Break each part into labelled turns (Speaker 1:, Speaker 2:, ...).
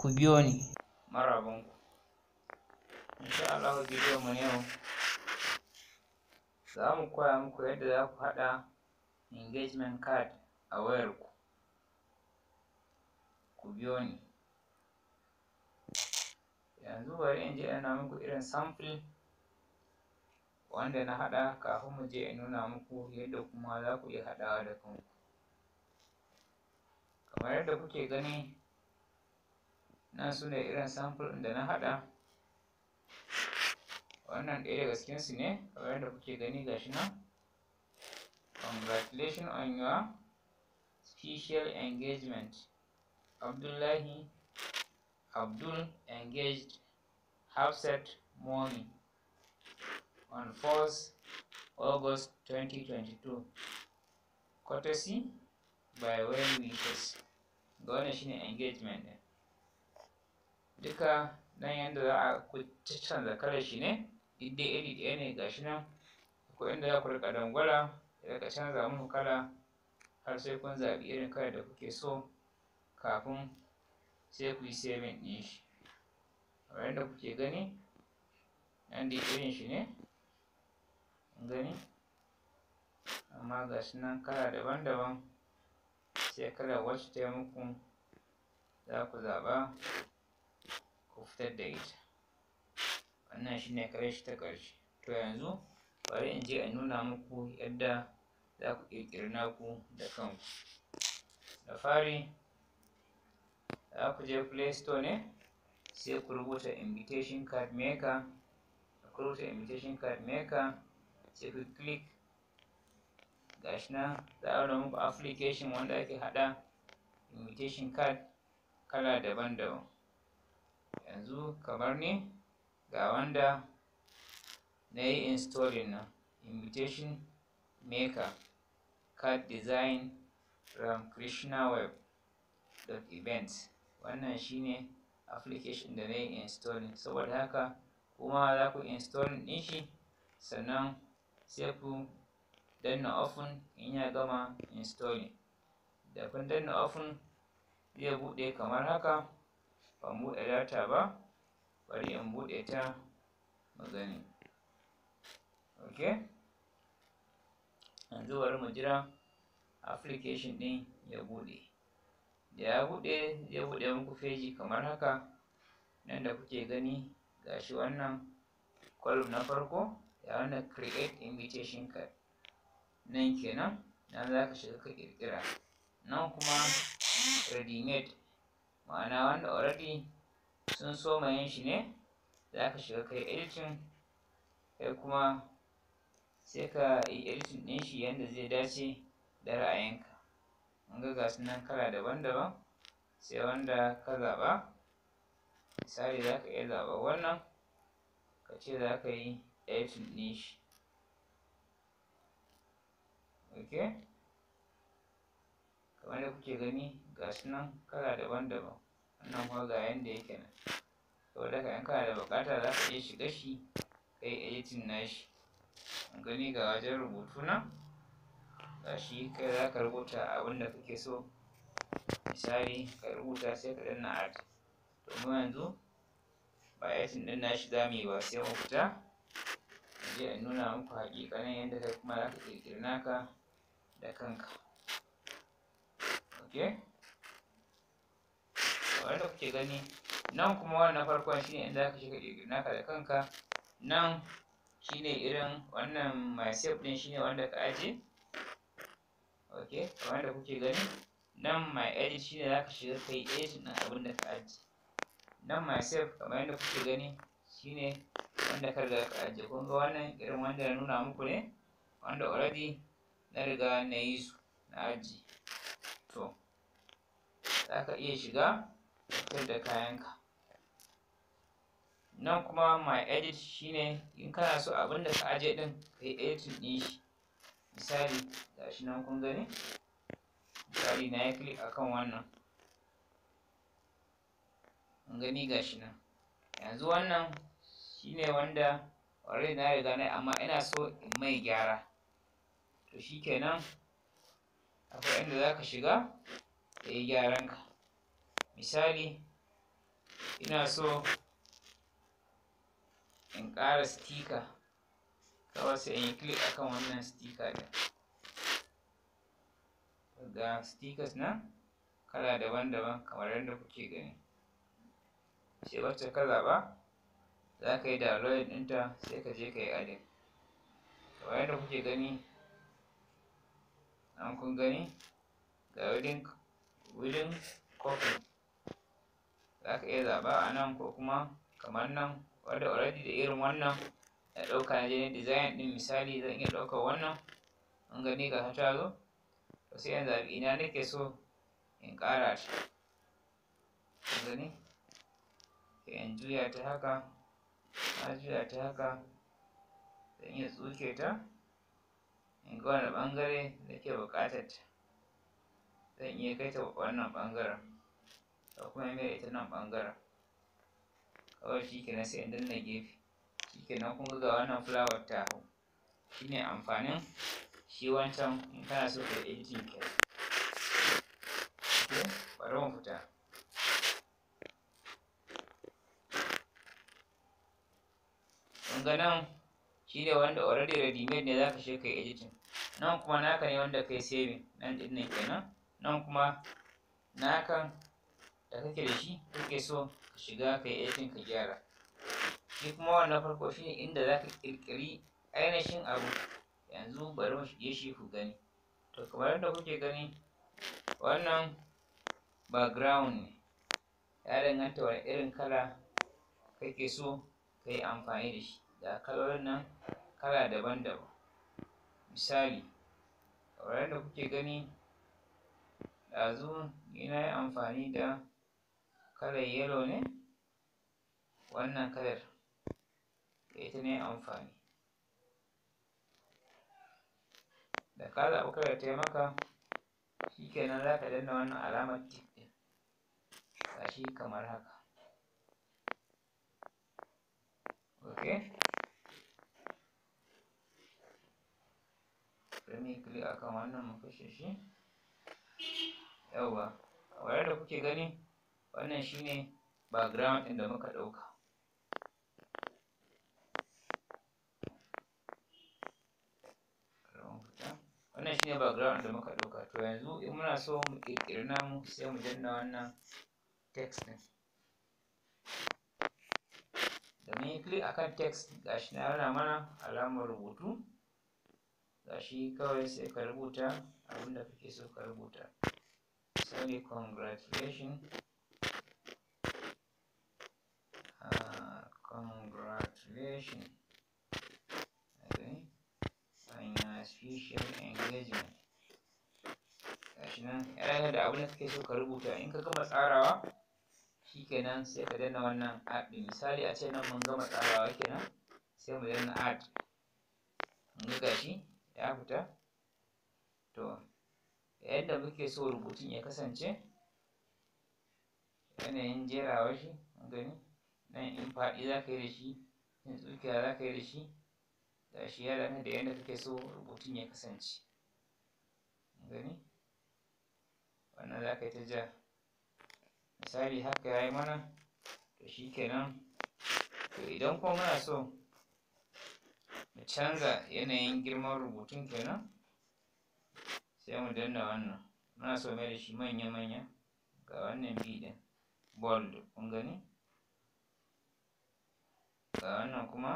Speaker 1: ku biyo ni marabanku insha Allah bidiyon mu mu. za mu koya muku yadda za ku haɗa engagement card a wayar ku biyo ni yanzu bari in je ina muku irin sample wanda na haɗa kafin mu je in nuna muku yadda kuma za ku iya haɗawa da kanku kamar yadda kuke gani na su ne irin sample da na haɗa wannan ɗaya daga su ne kamar yadda kuke gani gashi nan congratulations on your special engagement abdullahi abdul engaged Hafsat Momi on 4th August 2022 courtesy by when we ga wannan shine engagement ɗin duka nan yadda za a ku canza kalar shi ne ɗaya ne ga shi nan ko inda za ku rika dangwala rika canza muku kala har sai kun zaɓi irin kalar da kuke so kafin sai ku yi saving ɗin shi kamar yadda kuke gani nan dai irin shi ne gani amma ga shi nan kala daban-daban sai kalar wacce ta yi muku za ku zaɓa fitar da ita wannan shine shi ta ƙarshe to yanzu bari in je in nuna muku yadda za ku ƙirƙiri naku da kanku da fari za ku je play store ne sai ku rubuta invitation card maker ku rubuta invitation card maker sai ku click gashi nan za a muku application wanda ake haɗa invitation card kala daban-daban yanzu kamar ni ga wanda na yi installing na invitation maker card design krishna web dot event wannan shine application da na yi installing saboda haka kuma za ku installing ɗin shi sannan sai ku danna open in ya gama installing da kun danna open zai buɗe kamar haka ban buɗe data ba bari in buɗe ta mu ok yanzu bari mu jira application ɗin ya buɗe da ya buɗe zai buɗe muku feji kamar haka nan da kuke gani gashi wannan column na farko ya wannan create invitation card nan kenan nan za ka shiga ka ƙirƙira nan kuma readymade ma'ana wanda already sun so mayan shi ne za ka shiga kai editing kai kuma sai ka yi editing ɗin shi yadda zai dace da ra'ayinka Mun ga gasu nan kala daban-daban sai wanda ka zaɓa misali za ka iya zaɓa wannan ka ce za ka yi editing ɗin shi okay kamar da kuke gani ga shi nan kala daban-daban wannan kuma ga yadda yake nan saboda ka in kana da bukata za ka iya shiga shi ka yi editing nashi in gani ga wajen rubutu nan ga shi kai za ka rubuta abin da kake so misali ka rubuta sai ka danna art domin yanzu ba editing ɗin shi za mu yi ba sai mu fita je in nuna muku haƙiƙanin yadda kai kuma za ka ƙirƙiri naka da kanka ok kamar kuke gani nan kuma wannan farkon shine in zaka shiga naka da kanka nan shine irin wannan myself din shine wanda ka aje ok kamar da kuke gani nan my edit shine zaka shiga kai edit din abin da ka aje nan myself kamar yadda kuke gani shine wanda ka riga ka aje kun ga wannan irin wanda na nuna muku ne wanda already na riga na yi su na aji to zaka iya shiga fitar da kayanka nan kuma my edit shine in kana so abin da ka aje din ka yi editing din shi misali gashi nan kun gani misali na yi click akan wannan kun gani ga nan yanzu wannan shine wanda already na riga na amma ina so in mai gyara to shikenan akwai inda za ka shiga ka yi gyaran ka misali ina so in ƙara stika kawai sai in yi click akan wannan stika ɗin ga stickers nan kala daban-daban kamar yadda kuke gani sai wacce ka zaɓa za ka yi download ɗinta sai ka je ka yi adin kamar yadda kuke gani an kun gani ga wurin wurin kofin za ka iya zaɓa a nan ko kuma kamar nan wadda already da irin wannan ya ɗauka na jini design ɗin misali zan iya ɗaukar wannan an gani ga ta zo to sai yanzu zaɓi ina nake so in ƙara shi an gani sai in juya ta haka na juya ta haka zan iya tsuke ta in ga wani ɓangare da ke buƙatar ta zan iya kai ta wannan ɓangaren ko kuma mai ita nan ɓangaren kawai shi kenan sai in danna gefe shi kenan kuma ga wannan fulawar ta hau shi ne amfanin shi wancan in kana so ka yi editing ke. bari mu fita ɓangaren shi ne wanda already ready made ne zaka shi kai editing nan kuma naka ne wanda kai saving nan din ne kenan nan kuma naka da kake da shi kake so ka shiga kai editing ka gyara shi kuma wannan farko shi ne inda zaka kirkiri ainihin abu yanzu bari mu shige shi ku gani to kamar yadda kuke gani wannan background ne ya danganta wani irin kala kake so ka yi amfani da shi da kalolin nan kala daban-daban misali kamar yadda kuke gani ɗazu ni na yi amfani da kalar yellow ne wannan kalar da ita na yi amfani da ka zaɓi kalar taimaka shi kenan za ka danna wannan alamar tik ɗin gashi kamar haka ok bari mu yi click akan wannan mu kashe shi yauwa kamar da kuke gani wannan shine background ɗin da muka ɗauka wannan shine background da muka ɗauka to yanzu in muna so mu ƙirƙiri namu sai mu danna wannan text ɗin da mun yi click akan text gashi na yana mana alamar rubutu gashi kawai sai ka rubuta abinda kake so ka rubuta misali congratulation uh, congratulation okay. on your engagement gashi nan yana da abinda kake so ka rubuta in ka gama tsarawa shi shikenan sai ka danna wannan add misali a ce nan mun gama tsarawa kenan sai mu danna add mun ga gashi ya fita to yadda muke so rubutun ya kasance yanayin jerawa shi gani nan in faɗi za ka yi da shi in tsukiya za ka yi da shi da shi ya dana da yadda kake so rubutun ya kasance gani wannan za ka yi ta ja misali haka ya yi mana to shi kenan to idan kuma muna so mu canza yanayin girman rubutun kenan sai mu danna wannan muna so mai da shi manya-manya ga wannan b din bold kun gani ga wannan kuma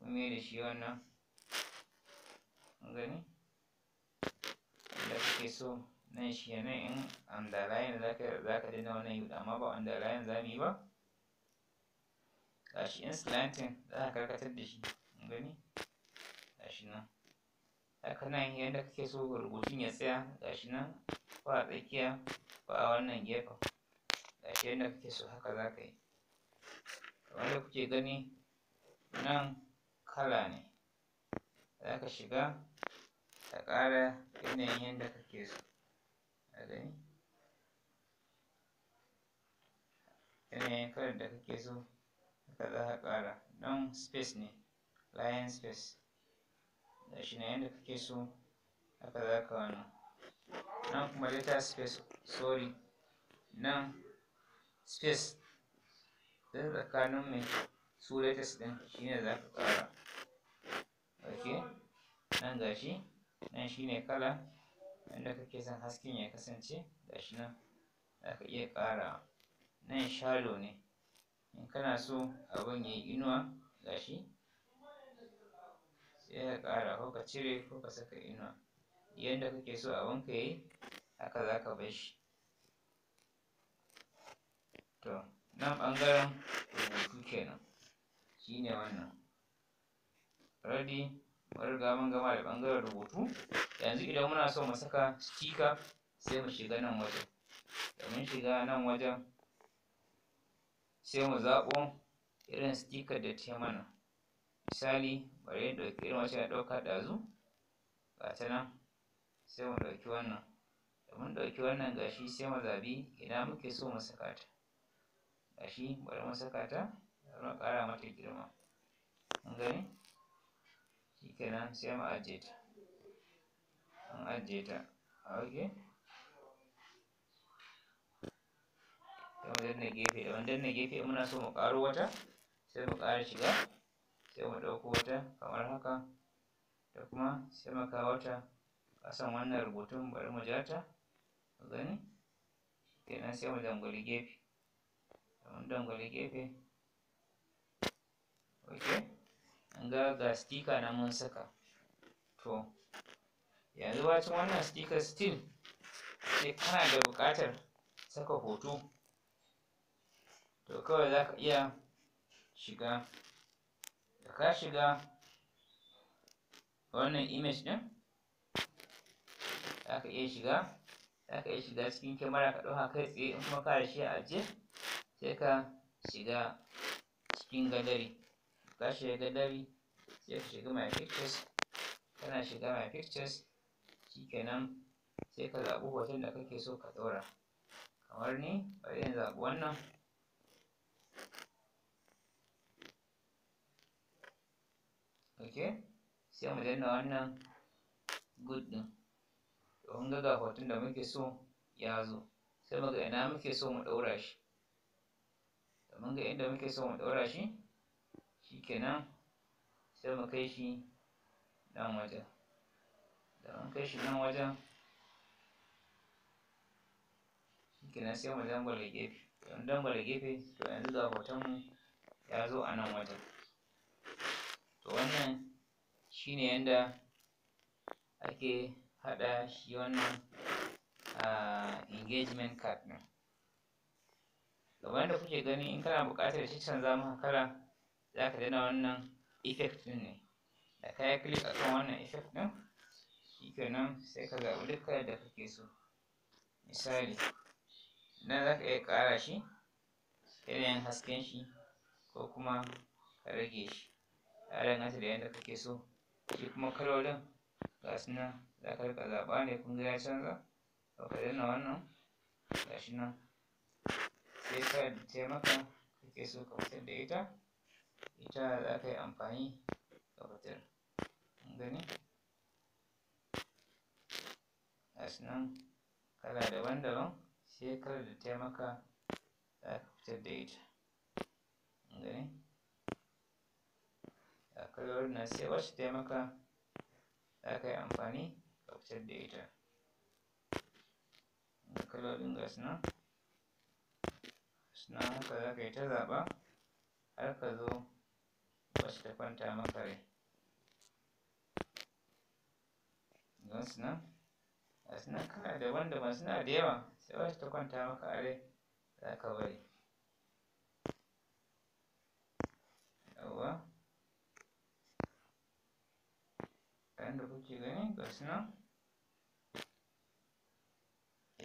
Speaker 1: mun mai da shi wannan kun gani da kake so nan shi nan in underline zaka zaka daina wannan yau, amma ba underline zamu yi ba gashi in slanting za ka karkatar da shi gani gashi nan haka nan yadda kake so rubutun ya tsaya gashi nan ba a tsakiya ba a wannan gefen gashi yadda kake so haka za ka yi kamar da kuke gani nan kala ne za ka shiga ka ƙara yanayin yadda kake so a gani yanayin kalar da kake so haka za ka ƙara nan space ne lion space da shi na yadda kake so haka za ka wani nan kuma letter space sorry nan space don tsakanin mai su latest din ne, za ka ƙara ok nan gashi nan shi ne kala inda kake son hasken ya kasance shi nan za ka iya ƙara nan shalo ne in kana so abin ya yi inuwa gashi sai ka ƙara ko ka cire ko ka saka inuwa yadda kake so a wanka yi haka za ka bar shi to nan ɓangaren rubutu kenan shi ne wannan ready mun riga mun gama da ɓangaren rubutu yanzu idan muna so mu saka stika sai mu shiga nan wajen da mun shiga nan wajen sai mu zaɓo irin stika da ta mana misali bari in ɗauki irin wacce ya ɗauka ɗazu ga ta nan sai mu ɗauki wannan da mun ɗauki wannan ga shi sai mu zabi ina muke so mu saka ta shi bari mu saka ta da mu ƙara mata girma mun gani shikenan sai mu ajiye ta mun ajiye ta ok sai mu danna gefe da mun danna gefe muna so mu ƙaro wata sai mu ƙara shiga sai mu ɗauko wata kamar haka da kuma sai mu kawo ta ƙasan wannan rubutun bari mu ja ta mu gani kenan sai mu dangwali gefe mun dangwali gefe ok an ga ga stika na mun saka to yanzu bacin wannan stika still sai kana da buƙatar saka hoto to kawai za ka iya shiga ka shiga wannan image din? za ka iya shiga za ka iya shiga cikin kyamara ka ɗauka kai tsaye in kuma ka da shi a ajiye sai ka shiga cikin gadari ka shiga gadari sai ka shiga my pictures kana shiga my pictures shikenan sai ka zaɓi hoton da kake so ka ɗora kamar ni bari in zaɓi wannan ke sai mu danna wannan good din domin ga ga hoton da muke so ya zo sai mu ga ina muke so mu daura shi to mun ga inda muke so mu daura shi shikenan sai mu kai shi nan wajen da mun kai shi nan wajen shikenan sai mu dangwale gefe don dangwale gefe to yanzu ga hotonmu ya zo a nan wajen to wannan shine yanda ake haɗa shi wannan engagement card ɗin kamar da kuke gani in kana bukatar shi canza maka kala za ka daina wannan effect ɗin ne da ka yi click a kan wannan effect ɗin nan sai ka zaɓi duk kalar da kake so misali nan za ka iya ƙara shi yanayin hasken shi ko kuma ka rage shi ya danganta da yadda kake so shi kuma kalolin ga su nan za ka rika zaɓa ne kun ga ya canza to ka danna wannan ga shi nan sai ka taimaka kake so ka fitar da ita ita za ka yi amfani ka fitar kun gani ga su nan kala daban-daban sai kalar da taimaka za ka fitar da ita kun gani kalolin na sai wacce ta maka za ka yi amfani ka fitar da ita kalolin ga suna suna haka za ka yi ta zaɓa har ka zo wacce ta kwanta maka rai don sunan ga sunan kana daban-daban suna da yawa sai wacce ta kwanta maka a rai za ka bari yawwa inda kuke gani ga su nan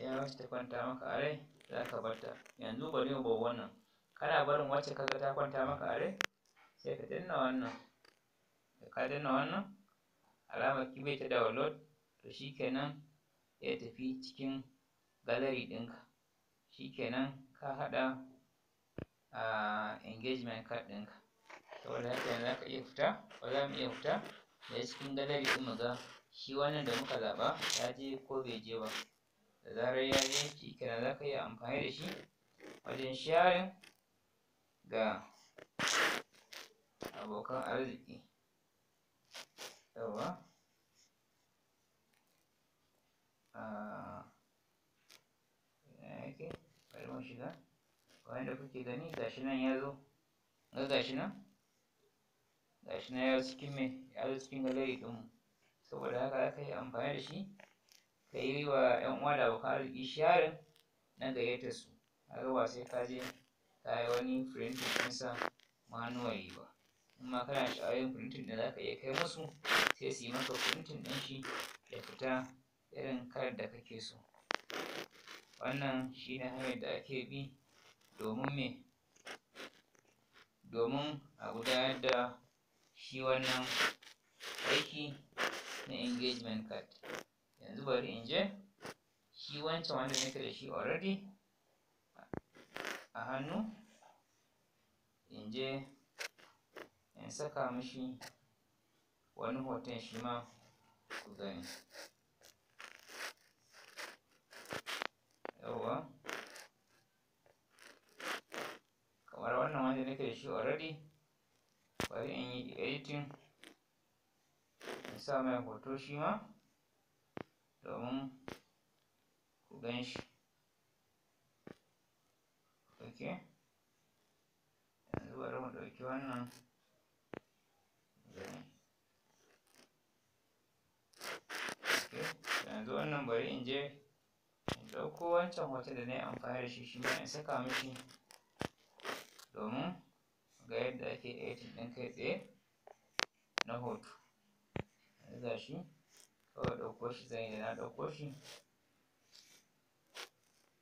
Speaker 1: ya wacce ta kwanta maka a rai za ka barta yanzu bari mu bar wannan kana barin wacce ka ga ta kwanta maka a rai sai ka danna wannan da ka danna wannan alamar kibe ta download to shikenan ya tafi cikin gallery ɗinka shikenan ka haɗa a engagement card ɗinka saboda haka yanzu za ka iya fita ba za mu iya fita da cikin gallery ɗin za shi wannan da muka zaba ya je ko bai je ba da zarar ya je shi kenan za ka yi amfani da shi wajen sharing ga abokan arziki yawa ah, yake bari mu shiga wanda kuke gani gashi nan ya zo ga gashi nan gashi na ya cikin mai ya cikin galari ɗinmu saboda haka ka yi amfani da shi ka yi wa ‘yan uwa da abokan arziki sharin na gayyatar su kaga ba sai ka je ka yi wani firintin ɗinsa manually ba in ma kana sha'awar firintin da za ka iya kai musu sai su yi maka firintin ɗin shi ya fita irin kalar da kake so wannan shi ne hanyar da ake bi domin me domin a gudanar da shi wannan aiki na engagement card yanzu bari in je shi wancan wanda nake da shi already a hannu in je in saka mishi wani hoton shi ma ku gani yawwa kamar wannan wanda nake da shi already bari in yi editing in sa mai hoto shi ma domin ku gan shi ok yanzu bari mu ɗauki wannan gani ok yanzu wannan bari in je in ɗauko wancan hoton da na yi amfani da shi shi ma in saka mishi domin ga yadda ake editing ɗin kai tsaye na hoto yanzu ga shi kawai ɗauko shi zan yi da na ɗauko shi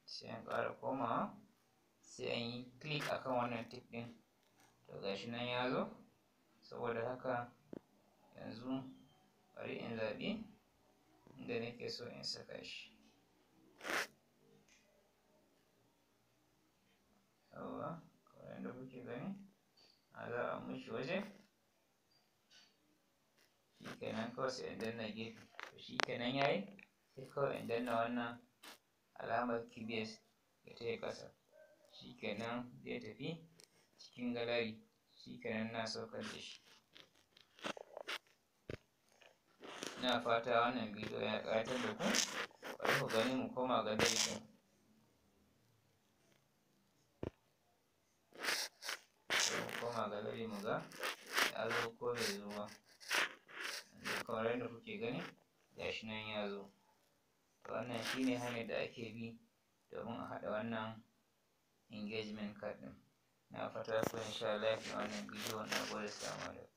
Speaker 1: sai in ƙara komawa sai an yi click akan wannan tip ɗin to ga shi nan ya zo saboda haka yanzu bari in zaɓi inda nake so in saka shi yawa kamar yadda kuke gani kaga an mishi waje shi kenan kawai sai in danna gefe to shi kenan yayi sai kawai in danna wannan alamar QBS da ta yi ƙasa shi kenan zai tafi cikin galari shi kenan na saukar da shi ina fata wannan bidiyo ya ƙayatar da ku bari ku gani mu koma ga bidiyon koma ga gari mu ga ya zo ko bai zo ba kamar yadda kuke gani gashi nan ya zo wannan ne hanyar da ake bi domin a haɗa wannan engagement card ɗin na fata ku insha Allah wannan bidiyon na gode salamu da